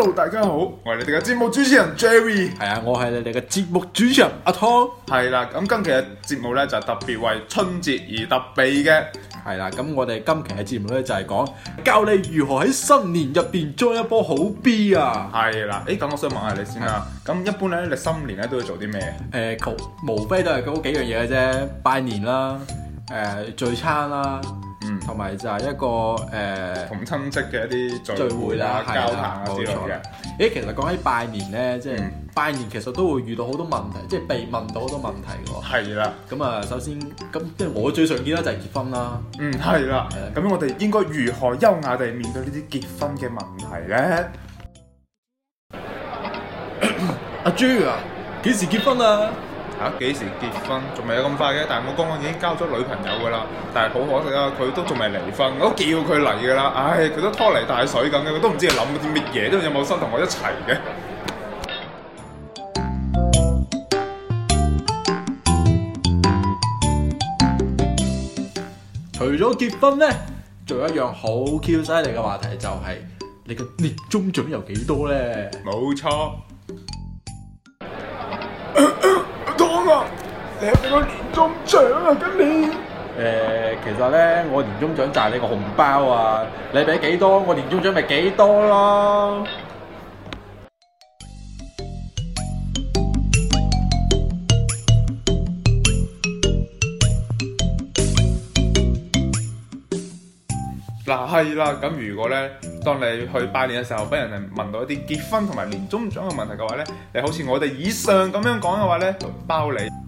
Hello 大家好，我係你哋嘅節目主持人 Jerry。係啊，我係你哋嘅節目主持人阿湯。係啦，咁今期嘅節目咧就是、特別為春節而特別嘅。係啦，咁我哋今期嘅節目咧就係、是、講教你如何喺新年入邊裝一波好 B 啊。係啦，誒，咁我想問下你先啦。咁的一般咧，你新年咧都會做啲咩？誒，無非都係嗰幾樣嘢嘅啫，拜年啦，誒、呃，聚餐啦。嗯，同埋就係一個誒、呃、同親戚嘅一啲聚會啦、聚會啦交談啊的之類嘅。誒，其實講起拜年咧，即、就、係、是、拜年，其實都會遇到好多問題，嗯、即係被問到好多問題嘅喎。係啦的，咁啊，首先咁即係我最常見啦，就係結婚啦。嗯，係啦。咁的我哋應該如何優雅地面對呢啲結婚嘅問題咧？阿朱咳咳啊，幾時結婚啊？啊！幾時結婚？仲未有咁快嘅，但係我剛剛已經交咗女朋友噶啦。但係好可惜啊，佢都仲未離婚，我都叫佢嚟噶啦。唉，佢都拖泥帶水咁嘅，佢都唔知係諗嗰啲乜嘢，都唔有冇心同我一齊嘅。除咗結婚咧，仲有一樣好 Q 犀利嘅話題就係你嘅年終獎有幾多咧？冇錯。你俾個年終獎啊！今年，誒，其實咧，我年終獎就係你個紅包啊！你俾幾多，我年終獎咪幾多咯。嗱，係啦，咁如果咧，當你去拜年嘅時候，俾人哋問到一啲結婚同埋年終獎嘅問題嘅話咧，你好似我哋以上咁樣講嘅話咧，包你。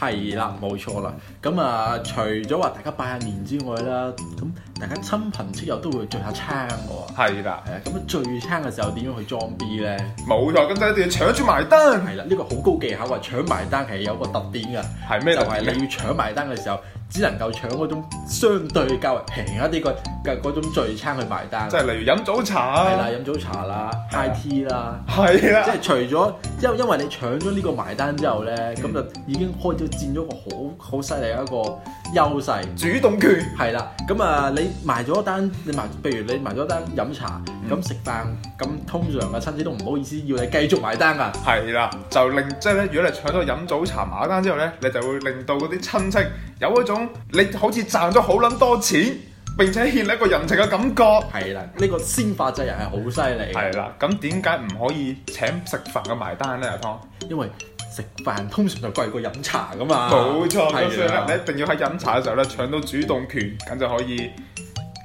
係啦，冇錯啦。咁啊，除咗話大家拜下年之外啦，咁大家親朋戚友都會聚下餐嘅喎。係啦的，誒、嗯，咁聚餐嘅時候點樣去裝逼咧？冇錯，咁就一定要搶住埋單。係啦，呢、這個好高技巧啊！搶埋單係有個特點㗎，係咩？就係你要搶埋單嘅時候，只能夠搶嗰種相對較平一啲嘅嘅嗰種聚餐去埋單。即係例如飲早茶。係啦，飲早茶啦，high tea 啦。係啦的。即係除咗，因為因為你搶咗呢個埋單之後咧，咁就、 嗯、已經開咗。佔咗個好好犀利嘅一個優勢，主動權係啦。咁啊，你埋咗一單，你埋，譬如你埋咗一單飲茶，咁食飯，咁通常嘅親戚都唔好意思要你繼續埋單啊。係啦，就令即係咧，如果你搶咗飲早茶埋單之後咧，你就會令到嗰啲親戚有一種你好似賺咗好撚多錢，並且欠你一個人情嘅感覺。係啦，呢個先發制人係好犀利。係啦，咁點解唔可以請食飯嘅埋單咧？阿湯，因為食飯通常就貴過飲茶噶嘛，冇錯。咁所以你一定要喺飲茶嘅時候咧，搶到主動權，咁就可以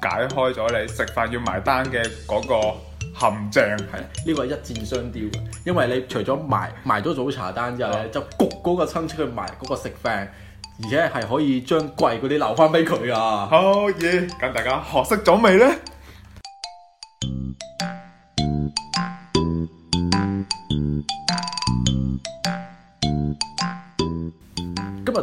解開咗你食飯要埋單嘅嗰個陷阱。係呢、呢個一箭雙雕，因為你除咗埋埋咗早茶單之後咧，好就焗嗰個親戚出去埋嗰個食飯，而且係可以將貴嗰啲留翻俾佢啊。好嘢，咁、yeah, 大家學識咗未呢？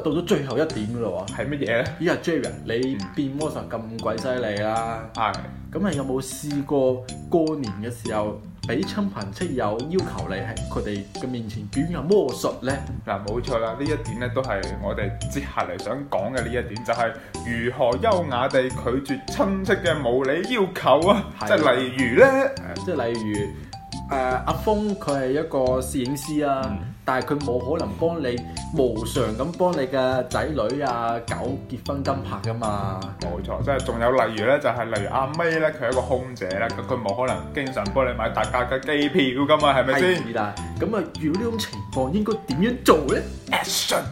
到咗最後一點咯喎，係乜嘢咧？依家 Javier 你變魔術咁鬼犀利啦！係、哎，咁啊有冇試過過年嘅時候，俾親朋戚友要求你喺佢哋嘅面前表演下魔術呢？嗱、哎，冇錯啦，呢一點呢都係我哋接下嚟想講嘅呢一點，就係、是、如何優雅地拒絕親戚嘅無理要求啊！哎、即係例如呢？哎、即係例如。誒，阿峰佢係一個攝影師啊，但係佢冇可能幫你無償咁幫你嘅仔女啊搞結婚跟拍噶嘛。冇錯，即係仲有例如咧，就係例如阿 May 咧，佢係一個空姐咧，咁佢冇可能經常幫你買特價嘅機票噶嘛，係咪先？咁啊，遇到呢種情況應該點樣做咧？Action！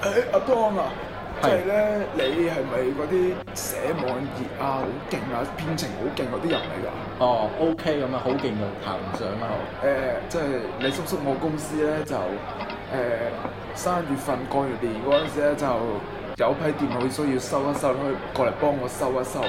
誒，阿當啊！即係咧，你係咪嗰啲寫網頁啊好勁啊編程好勁嗰啲人嚟㗎？哦，OK，咁啊，好勁嘅，唔上啊，誒，即係、哦 okay 呃就是、你叔叔我公司咧就誒三、呃、月份過完年嗰陣時咧就有批電腦需要收一收，可以過嚟幫我收一收。誒、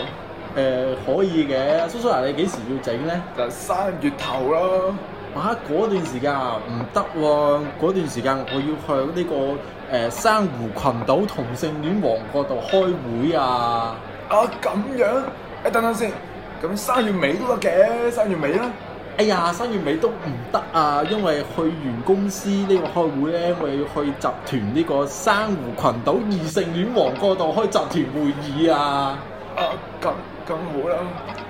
呃，可以嘅，叔叔啊，你幾時要整咧？就三月頭咯。啊！嗰段時間唔得喎，嗰段時間我要去呢、這個誒、呃、珊瑚群島同性戀王國度開會啊！啊咁樣？誒等等先，咁三月尾都得嘅、啊，三月尾啦！哎呀，三月尾都唔得啊，因為去完公司呢個開會咧，我要去集團呢個珊瑚群島異性戀王國度開集團會議啊！啊，咁咁好啦～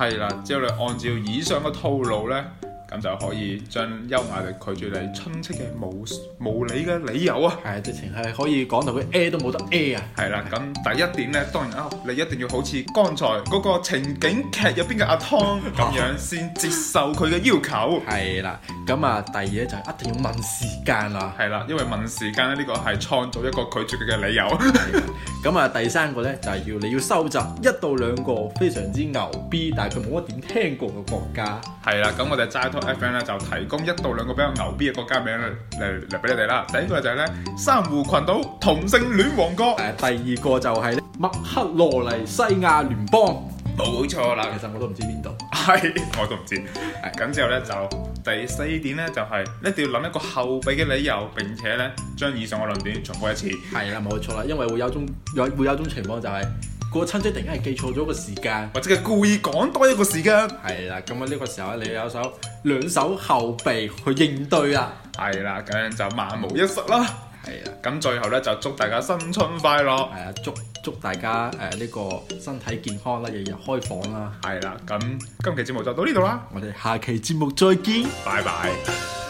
係啦，之後你按照以上嘅套路呢。咁就可以將優雅地拒絕你親戚嘅無無理嘅理由啊！係，中文啊啊、直情係可以講到佢 A 都冇得 A 啊！係中文啦，咁、嗯、第一點呢，當然啊，你一定要好似剛才嗰個情景劇入邊嘅阿湯咁樣，先接受佢嘅要求。係啦，咁中文啊，第二咧就係、是、一定要問時間啦。係中文中文啦，因為問時間咧呢、呢個係創造一個拒絕佢嘅理由呵呵。咁、嗯嗯、啊，第三個呢就係、是、要你要收集一到兩個非常之牛逼，但係佢冇一點聽過嘅國家。係啦，咁中文我哋齋 f 咧就提供一到兩個比較牛逼嘅國家名嚟嚟俾你哋啦。第一個就係咧，珊瑚群島同性戀王國。誒、啊，第二個就係麥克羅尼西亞聯邦。冇錯啦，其實我都唔知邊度。係，我都唔知。咁之後咧就第四點咧就係、是，一定要諗一個後備嘅理由，並且咧將以上嘅論點重複一次。係啦，冇錯啦，因為會有種有會有種情況就係、是。個親戚突然間係記錯咗個時間，或者係故意講多一個時間，係啦。咁啊呢個時候你有手兩手後備去應對啦，啊，係啦，咁樣就萬無一失啦。係啊的，咁最後咧就祝大家新春快樂，誒祝祝大家誒呢，呃呢個身體健康啦，日日開房啦。係啦，咁今期節目就到呢度啦，我哋下期節目再見，拜拜。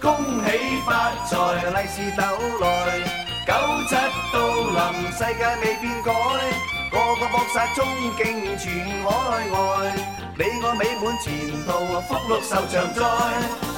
恭喜發財，利是逗來，九七到臨，世界未變改，個個搏殺衝勁，全海外，你我美滿，前途，福祿壽長在。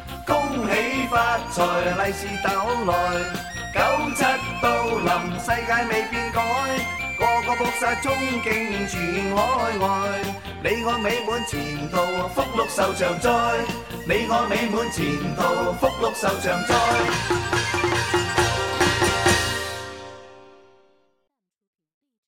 恭喜發財，利是逗來，九七到臨，世界未變改，個個佛剎中敬全海外。你我美滿前途，福祿壽長在。你我美滿前途，福祿壽長在。